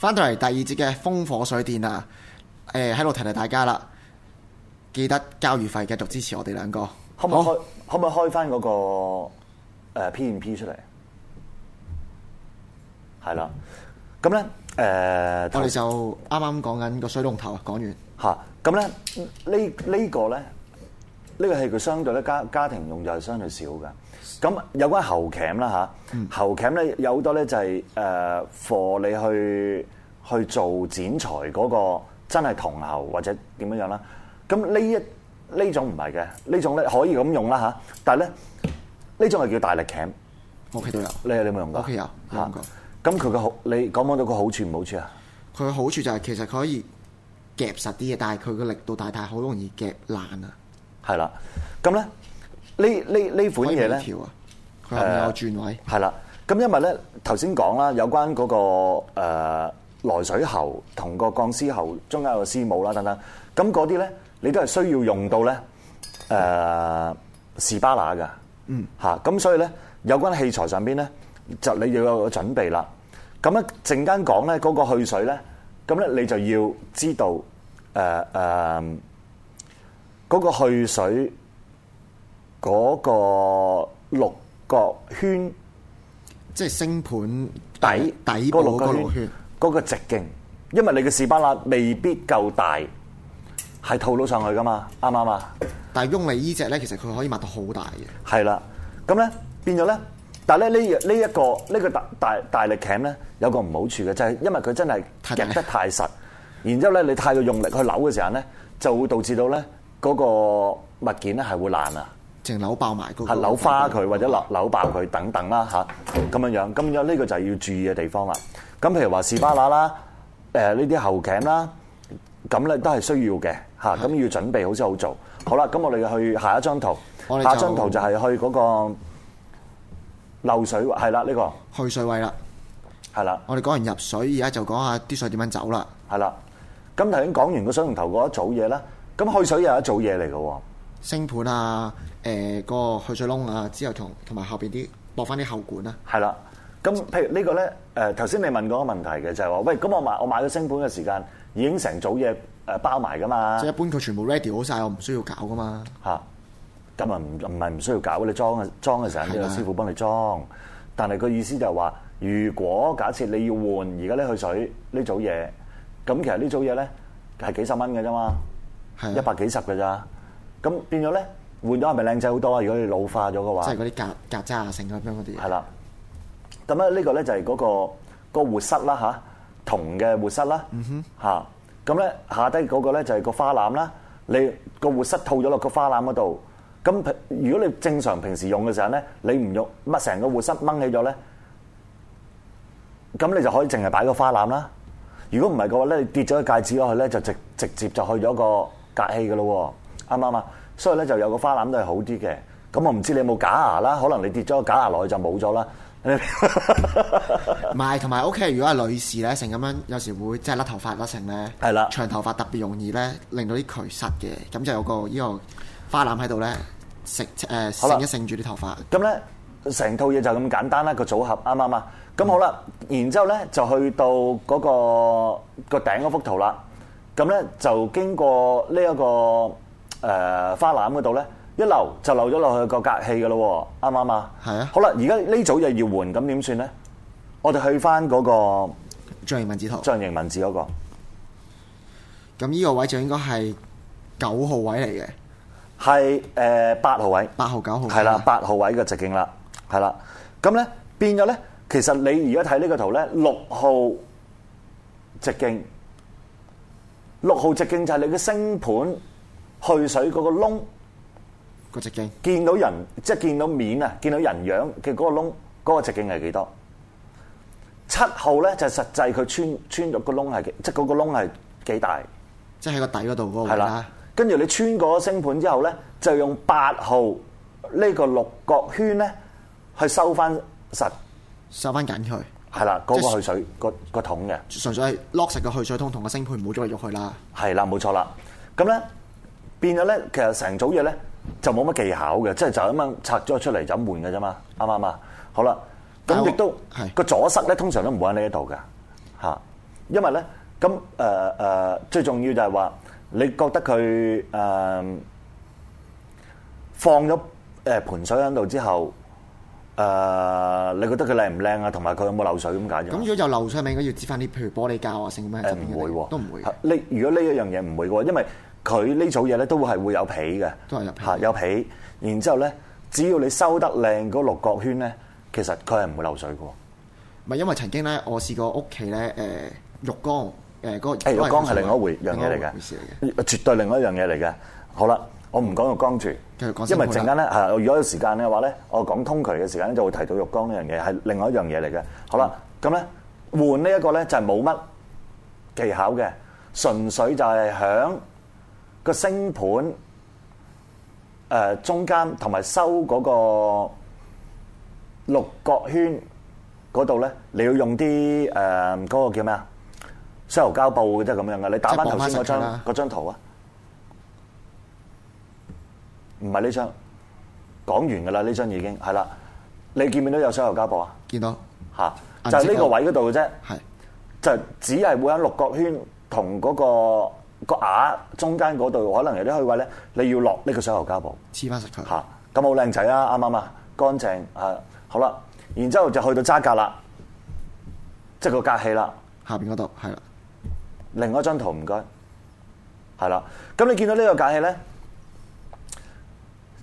翻到嚟第二節嘅風火水電啊！誒喺度提提大家啦，記得交月費，繼續支持我哋兩個。可唔可以開好可唔可以開翻、嗰、嗰個、呃、P 唔 P 出嚟？係啦，咁咧誒，呃、我哋就啱啱講緊個水龍頭，講完吓。咁咧、啊、呢、呢個、呢個咧。呢個係佢相對咧家家庭用的就係相對少嘅。咁有關喉鉗啦嚇，喉鉗咧有好多咧就係誒俾你去去做剪裁嗰個真係銅喉或者點樣樣啦。咁呢一呢種唔係嘅，呢、嗯、種咧可以咁用啦吓，但係咧呢、嗯、呢種係叫大力鉗，屋企、okay, 都有。你你有冇有用過？有用有。咁佢嘅好，你講唔講到個好處唔好處啊？佢嘅好處就係、是、其實可以夾實啲嘅，但係佢嘅力度太大，好容易夾爛啊。係啦，咁咧呢呢呢款嘢咧，係有轉位。係啦，咁因為咧頭先講啦，有關嗰個誒來水喉同個鋼絲喉，中間有個絲帽啦等等。咁嗰啲咧，你都係需要用到咧誒士巴拿噶。嗯，嚇咁所以咧，有關器材上邊咧，就你要有個準備啦。咁咧陣間講咧嗰個去水咧，咁咧你就要知道誒誒。嗰個去水嗰、那個六角圈，圈，即係星盤底底部嗰個六角圈，嗰個直徑，因為你嘅士巴拿未必夠大，係套到上去㗎嘛，啱唔啱啊？但係用你呢隻咧，其實佢可以擘到好大嘅。係啦，咁咧變咗咧，但係咧呢、這個這個這個、呢一個呢個大大大力鉗咧，有個唔好處嘅，就係、是、因為佢真係夾得太實，太大然之後咧你太過用力去扭嘅時候咧，就會導致到咧。嗰個物件咧係會爛啊！淨扭爆埋嗰個，係扭花佢或者扭扭爆佢等等啦嚇，咁樣樣咁樣呢個就係要注意嘅地方啦。咁譬如話士巴拿啦，誒呢啲喉頸啦，咁咧都係需要嘅嚇，咁要準備好先好做。好啦，咁我哋去下一張圖，下張圖就係去嗰個漏水，係啦呢個去水位啦，係啦，我哋講完入水，而家就講下啲水點樣走啦。係啦，咁頭先講完個水龍頭嗰一組嘢咧。咁去水又一組嘢嚟嘅喎，鋅盆啊，個、呃、去水窿啊，之後同同埋後邊啲落翻啲喉管啊，係啦。咁譬如個呢個咧誒頭先你問嗰個問題嘅就係、是、話，喂咁我買我買咗鋅盆嘅時間已經成組嘢包埋噶嘛，即係一般佢全部 ready 好晒，我唔需要搞噶嘛，吓，咁啊，唔唔係唔需要搞，你裝嘅裝嘅時候都有師傅幫你裝。是的 但係個意思就係話，如果假設你要換而家咧去水呢組嘢，咁其實組呢組嘢咧係幾十蚊嘅啫嘛。一百幾十嘅咋，咁變咗咧，換咗係咪靚仔好多啊？如果你老化咗嘅話，即係嗰啲曱甴啊，剩咁樣嗰啲。係啦、那個，咁啊呢個咧就係嗰個個活塞啦吓、啊，銅嘅活塞啦吓。咁咧、嗯、哼下低嗰個咧就係個花籃啦，你個活塞套咗落個花籃嗰度，咁如果你正常平時用嘅時候咧，你唔用乜成個活塞掹起咗咧，咁你就可以淨係擺個花籃啦。如果唔係嘅話咧，你跌咗個戒指落去咧，就直直接就去咗個隔氣嘅咯喎，啱啱啊？所以咧就有個花籃都係好啲嘅。咁我唔知你有冇假牙啦，可能你跌咗個假牙落去就冇咗啦。唔係，同埋屋企如果係女士咧，成咁樣有時會即係甩頭髮甩成咧，係啦的，長頭髮特別容易咧令到啲渠塞嘅，咁就有個呢個花籃喺度咧，盛、呃、一盛住啲頭髮。咁咧成套嘢就咁簡單啦，那個組合啱啱啊？咁好啦，嗯、然之後咧就去到嗰、那個個頂嗰幅圖啦。咁呢，就經過呢、呢個、呃、花籃嗰度呢一漏就漏咗落去個隔氣嘅咯，啱唔啱啊？係啊！好啦，而家呢組又要換，咁點算呢？我哋去返嗰個象形文字圖，象形文字嗰、嗰個。咁呢個位就應該係九號位嚟嘅，係誒八號位，八號九號，係啦，八號位嘅、啊、直徑啦，係啦、啊。咁呢，變咗呢。其實你而家睇呢個圖呢，六號直徑。六號直徑就係你嘅星盤去水嗰個窿，嗰個直徑見到人即係見到面啊，見到人樣嘅嗰個窿，嗰個直徑係幾多？七號咧就係實際佢穿穿咗個窿係，即係個窿係幾大？即係喺個底嗰度嗰個窿。係啦，跟住你穿過星盤之後咧，就用八號呢個六角圈咧去收翻實，收翻緊去。係啦，嗰、那個去水個是個桶嘅，純粹係 lock 實個去水桶同個星盆冇再嚟用去啦。係啦，冇錯啦。咁咧變咗咧，其實成組嘢咧就冇乜技巧嘅，即係就咁、是、樣拆咗出嚟就換嘅啫嘛，啱唔啱啊？好啦，咁亦都個阻、嗯、塞咧通常都唔喺呢一度噶吓，因為咧咁誒誒，最重要就係話你覺得佢誒、呃、放咗誒、呃、盆水喺度之後。誒，uh, 你覺得佢靚唔靚啊？同埋佢有冇漏水咁解啫？咁如果有漏水，咪應該要接翻啲，譬如玻璃膠啊，成咁樣，會都唔會。呢如果呢一樣嘢唔會嘅喎，因為佢呢組嘢咧都係會有皮嘅，都係有、啊、有皮。然之後咧，只要你收得靚嗰六角圈咧，其實佢係唔會漏水嘅喎。唔因為曾經咧，我試過屋企咧誒浴缸誒嗰、呃、浴缸係、呃、另外一回嘢嚟嘅，絕對另外一樣嘢嚟嘅。嗯、好啦。我唔講浴缸住，因為陣間咧，係如果有時間嘅話咧，我講通渠嘅時間就會提到浴缸呢樣嘢，係另外一樣嘢嚟嘅。好啦，咁咧換這呢一個咧就係冇乜技巧嘅，純粹就係響個星盆誒、呃、中間同埋收嗰個六角圈嗰度咧，你要用啲誒嗰個叫咩啊？西牛膠布即係咁樣嘅。你打翻頭先嗰張嗰張圖啊！唔係呢張，講完噶啦，呢張已經係啦。你見唔見到有水喉膠布到啊？見到吓，就係、是、呢個位嗰度嘅啫。係是，就是只係會喺六角圈同嗰、那個、那個瓦中間嗰度，可能有啲虛位咧，你要落呢個水喉膠布，黐翻石頭吓，咁好靚仔啊，啱唔啱啊？乾淨啊，好啦，然之後就去到渣隔啦，即、就、係、是、個隔器啦，下邊嗰度係啦。另外一張圖唔該，係啦。咁你見到這個呢個隔器咧？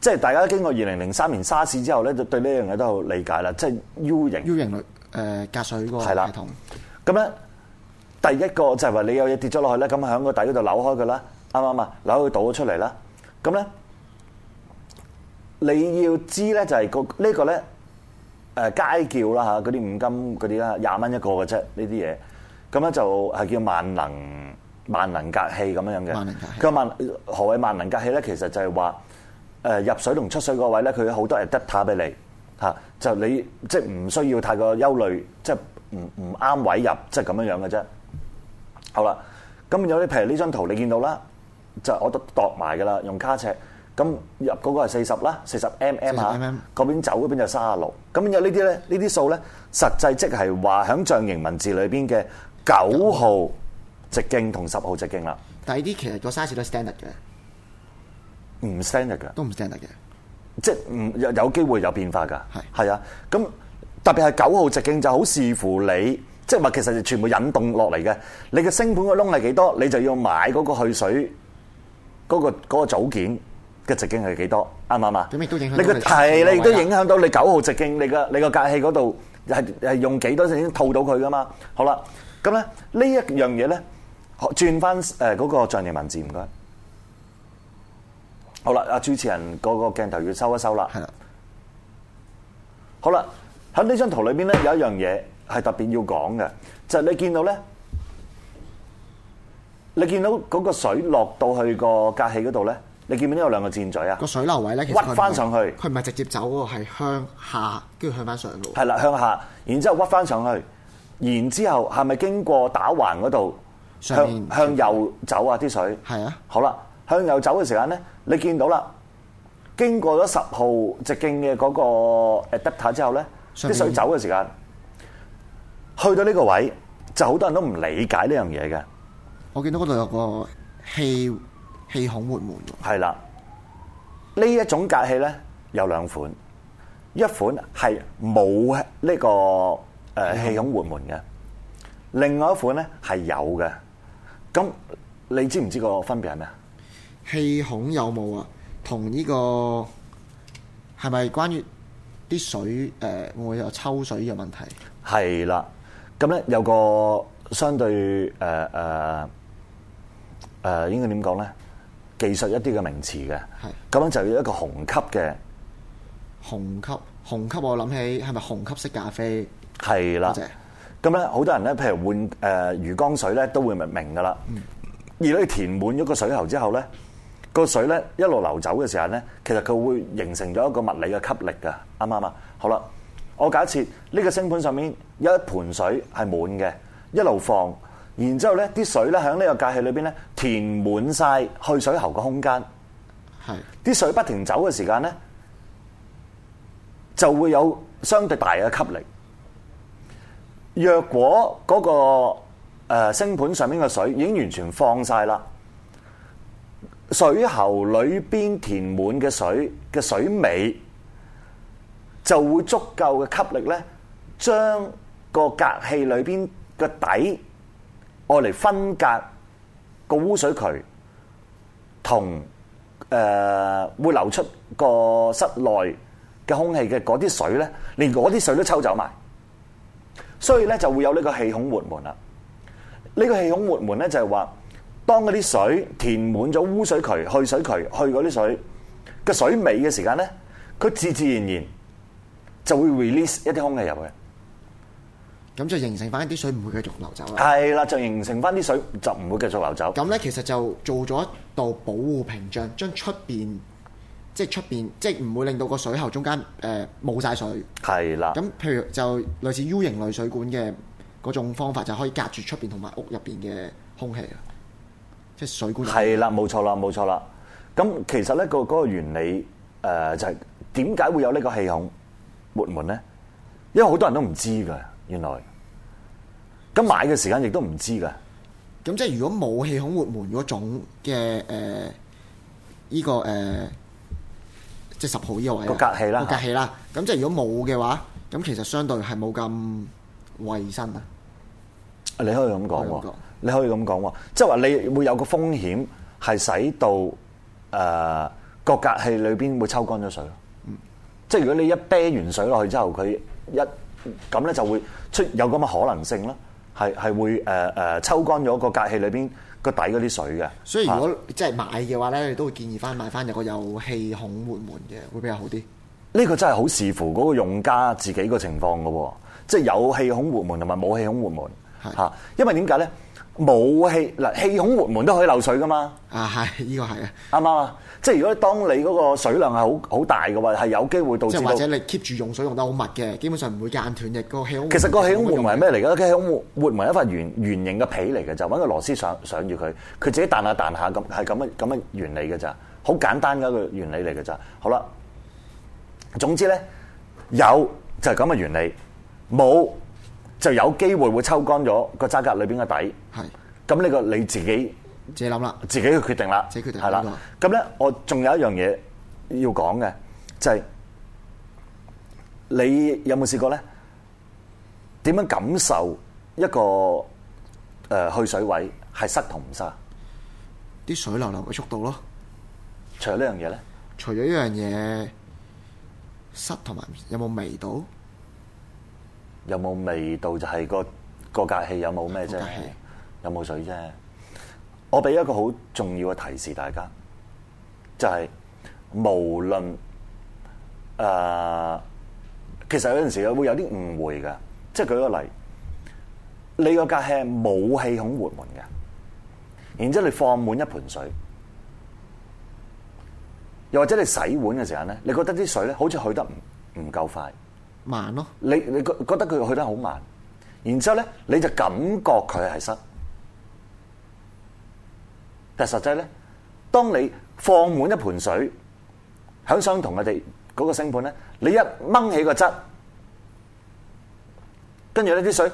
即係大家經過二零零三年沙士之後咧，就對呢樣嘢都好理解啦。即係 U 型 U 型類、呃、隔水嗰個系統。咁咧，第一個就係話你有嘢跌咗落去咧，咁喺個底嗰度扭開佢啦，啱唔啱啊？扭佢倒咗出嚟啦。咁咧，你要知咧就係個，呢個呢個咧誒街叫啦嚇，嗰啲五金嗰啲啦，廿蚊一個嘅啫，呢啲嘢。咁咧就係叫萬能萬能隔氣咁樣嘅。萬能隔氣。佢萬何謂萬能隔氣咧？其實就係話。入水同出水個位咧，佢有好多 adapter 俾你吓，就你即係唔需要太過憂慮，即係唔唔啱位入，即係咁樣樣嘅啫。好啦，咁有啲譬如呢張圖你見到啦，就我都度埋噶啦，用卡尺，咁入嗰個係四十啦，四十 mm 嗰、mm、邊走嗰邊就三十六，咁有呢啲咧，呢啲數咧，實際即係話響象形文字裏邊嘅九號直徑同十號直徑啦。但係呢啲其實個 size 都 standard 嘅。唔 send 得嘅，都唔 send 得嘅，即係唔有有機會有變化噶，係係啊，咁特別係九號直徑就好視乎你，即係其實就全部引動落嚟嘅，你嘅升盤個窿係幾多，你就要買嗰個去水嗰個嗰個組件嘅直徑係幾多，啱唔啱啊？點都影響你，你個係你亦都影響到你九號直徑，你個你個隔器嗰度係係用幾多先套到佢噶嘛？好啦，咁咧呢一樣嘢咧，轉翻誒嗰個象形文字唔該。好啦，阿主持人嗰個鏡頭要收一收啦是的。係啦。好啦，喺呢張圖裏邊咧，有一樣嘢係特別要講嘅，就係、是、你見到咧，你見到嗰個水落到去個隔氣嗰度咧，你見唔見有兩個箭嘴啊？個水流位咧，屈翻上去。佢唔係直接走喎，係向下，跟住向翻上路。係啦，向下，然之後屈翻上去，然之後係咪經過打橫嗰度向上面 向，向右走啊？啲水係啊。是的 好啦，向右走嘅時間咧。你見到啦，經過咗十號直徑嘅嗰個 adapter 之後咧，啲面水走嘅時間去到呢個位，就好多人都唔理解呢樣嘢嘅。我見到嗰度有個氣氣孔活門。係啦，呢一種隔器咧有兩款，一款係冇呢個誒氣孔活門嘅，孔另外一款咧係有嘅。咁你知唔知個分別係咩呀？氣孔有冇啊？同呢個係咪關於啲水誒會有抽水嘅問題？係啦，咁咧有個相對誒誒誒，應該點講咧？技術一啲嘅名詞嘅，係咁樣就要一個虹吸嘅虹吸虹吸，我諗起係咪虹吸式咖啡？係啦，多謝。咁咧好多人咧，譬如換誒魚缸水咧，都會明明噶啦。而你填滿咗個水喉之後咧。個水咧一路流走嘅時候咧，其實佢會形成咗一個物理嘅吸力㗎，啱唔啱啊？好啦，我假設呢個星盤上面有一盆水係滿嘅，一路放，然之後咧啲水咧喺呢個隔器裏邊咧填滿晒去水喉嘅空間，係啲是的 水不停走嘅時間咧就會有相對大嘅吸力。若果嗰個星盤上面嘅水已經完全放晒啦。水喉裏邊填滿嘅水嘅水尾，就會足夠嘅吸力咧，將個隔氣裏邊嘅底，攞嚟分隔個污水渠同誒、呃、會流出個室內嘅空氣嘅嗰啲水咧，連嗰啲水都抽走埋，所以咧就會有呢個氣孔活門啦。呢、這個氣孔活門咧就係、是、話。當嗰啲水填滿咗污水渠、去水渠去嗰啲水個水尾嘅時間咧，佢自自然然就會 release 一啲空氣入去，咁就形成翻一啲水，唔會繼續流走。係啦，就形成翻啲水就唔會繼續流走。咁咧，其實就做咗一道保護屏障，將出邊，即係出邊，即係唔會令到個水喉中間誒冇晒水。係啦。咁譬如就類似 U 型類水管嘅嗰種方法，就可以隔住出邊同埋屋入邊嘅空氣啦。係啦，冇錯啦，冇錯啦。咁其實咧個個原理，誒、呃，就係點解會有呢個氣孔活門咧？因為好多人都唔知噶，原來。咁買嘅時間亦都唔知噶。咁即係如果冇氣孔活門嗰種嘅誒，呢、呃這個誒，即係十號以外嘅。個隔氣啦，隔氣啦。咁即係如果冇嘅話，咁其實相對係冇咁衛生啊。你可以咁講，你可以咁講，即係話你會有個風險係使到誒個、呃、隔氣裏邊會抽乾咗水咯。嗯、即係如果你一啤完水落去之後，佢一咁咧就會出有咁嘅可能性啦，係係會誒誒、呃、抽乾咗個隔氣裏邊個底嗰啲水嘅。所以如果、啊、即係買嘅話咧，你都會建議翻買翻有個有氣孔活門嘅會比較好啲。呢個真係好視乎嗰個用家自己個情況嘅喎，即係有氣孔活門同埋冇氣孔活門。吓，是因為點解咧？冇氣嗱，氣孔活門都可以漏水噶嘛。啊，係，依、呢個係啊，啱啊。即係如果當你嗰個水量係好好大嘅話，係有機會導致到。或者你 keep 住用水用得好密嘅，基本上唔會間斷嘅個氣孔。其實個氣孔活門係咩嚟噶？個氣孔活門係氣孔活門係一塊圓圓形嘅皮嚟嘅，就揾個螺絲上上住佢，佢自己彈下彈下咁，係咁樣咁樣嘅原理嘅咋，好簡單嘅一個原理嚟嘅咋。好啦，總之咧，有就係咁嘅原理，冇。就有機會會抽乾咗個渣隔裏面嘅底，係咁呢個你自己自己諗啦，自己去決定啦，自己決定係啦。咁咧，我仲有一樣嘢要講嘅，就係、是、你有冇試過咧？點樣感受一個、呃、去水位係濕同唔濕？啲水流流嘅速度咯除，除咗呢樣嘢咧，除咗呢樣嘢濕同埋有冇味道？有冇味道就係個個隔氣有冇咩啫？是有冇水啫？我俾一個好重要嘅提示大家，就係、是、無論誒、呃，其實有陣時有會有啲誤會嘅。即係舉個例，你個隔氣冇氣孔活門嘅，然之後你放滿一盆水，又或者你洗碗嘅時候咧，你覺得啲水咧好似去得唔唔夠快。慢咯，你你覺覺得佢去得好慢，然之後咧你就感覺佢係失，但實際咧，當你放滿一盆水，響相同嘅地嗰、那個升盤咧，你一掹起個樽跟住呢啲水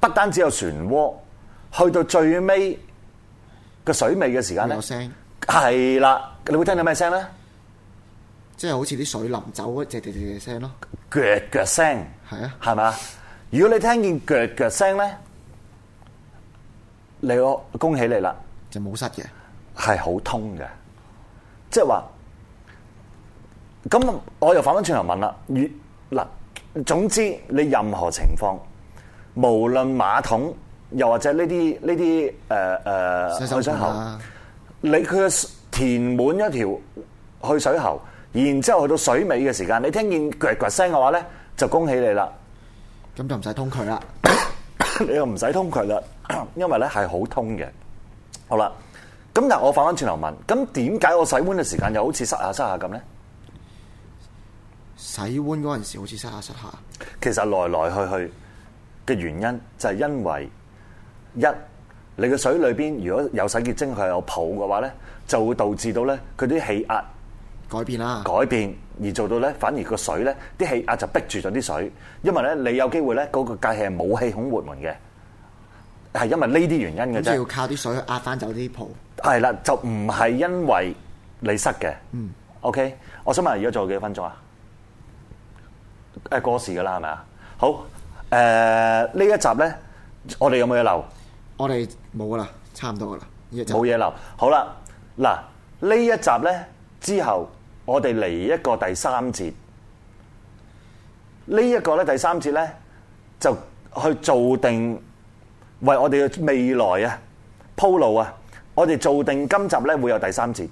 不單止有漩渦，去到最尾個水尾嘅時間咧，係啦，你會聽到咩聲咧？即係好似啲水淋走嗰喋喋喋聲咯，腳腳聲，係啊，係咪？如果你聽見腳腳聲咧，你我恭喜你啦，就冇塞嘅，係好通嘅。即係話，咁我又反翻轉頭問啦，越嗱，總之你任何情況，無論馬桶，又或者呢啲呢啲誒誒洗手喉，啊、你佢填滿一條去水喉。然之後去到水尾嘅時間，你聽見腳腳聲嘅話咧，就恭喜你啦！咁就唔使通佢啦，你又唔使通佢啦，因為咧係好通嘅。好啦，咁但我反翻轉頭問，咁點解我洗碗嘅時間又好似塞下塞下咁咧？洗碗嗰陣時好似塞下塞下。其實來來去去嘅原因就係因為一你嘅水裏邊如果有洗潔精佢有泡嘅話咧，就會導致到咧佢啲氣壓改變啦，改變而做到咧，反而個水咧，啲氣壓就逼住咗啲水，因為咧你有機會咧，嗰個隔氣係冇氣孔活門嘅，係因為呢啲原因嘅啫。要靠啲水壓翻走啲泡。係啦，就唔係因為你塞嘅。嗯。OK，我想問而家仲有幾多分鐘啊？誒，過時噶啦，係咪啊？好，誒、呃，呢一集咧，我哋有冇嘢留？我哋冇噶啦，差唔多噶啦，冇嘢留。好啦，嗱，呢一集咧之後。我哋嚟一個第三節，呢、這、一個咧第三節咧就去做定為我哋嘅未來啊鋪路啊，我哋做定今集咧會有第三節，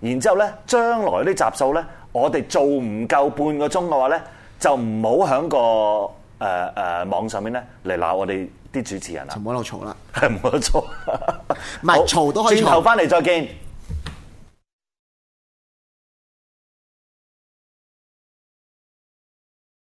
然之後咧將來啲集數呢集數咧我哋做唔夠半個鐘嘅話咧就唔好喺個誒誒、呃呃、網上面咧嚟鬧我哋啲主持人啊，唔好鬧嘈啦，係唔好嘈，唔係，嘈都可以，轉頭翻嚟再見。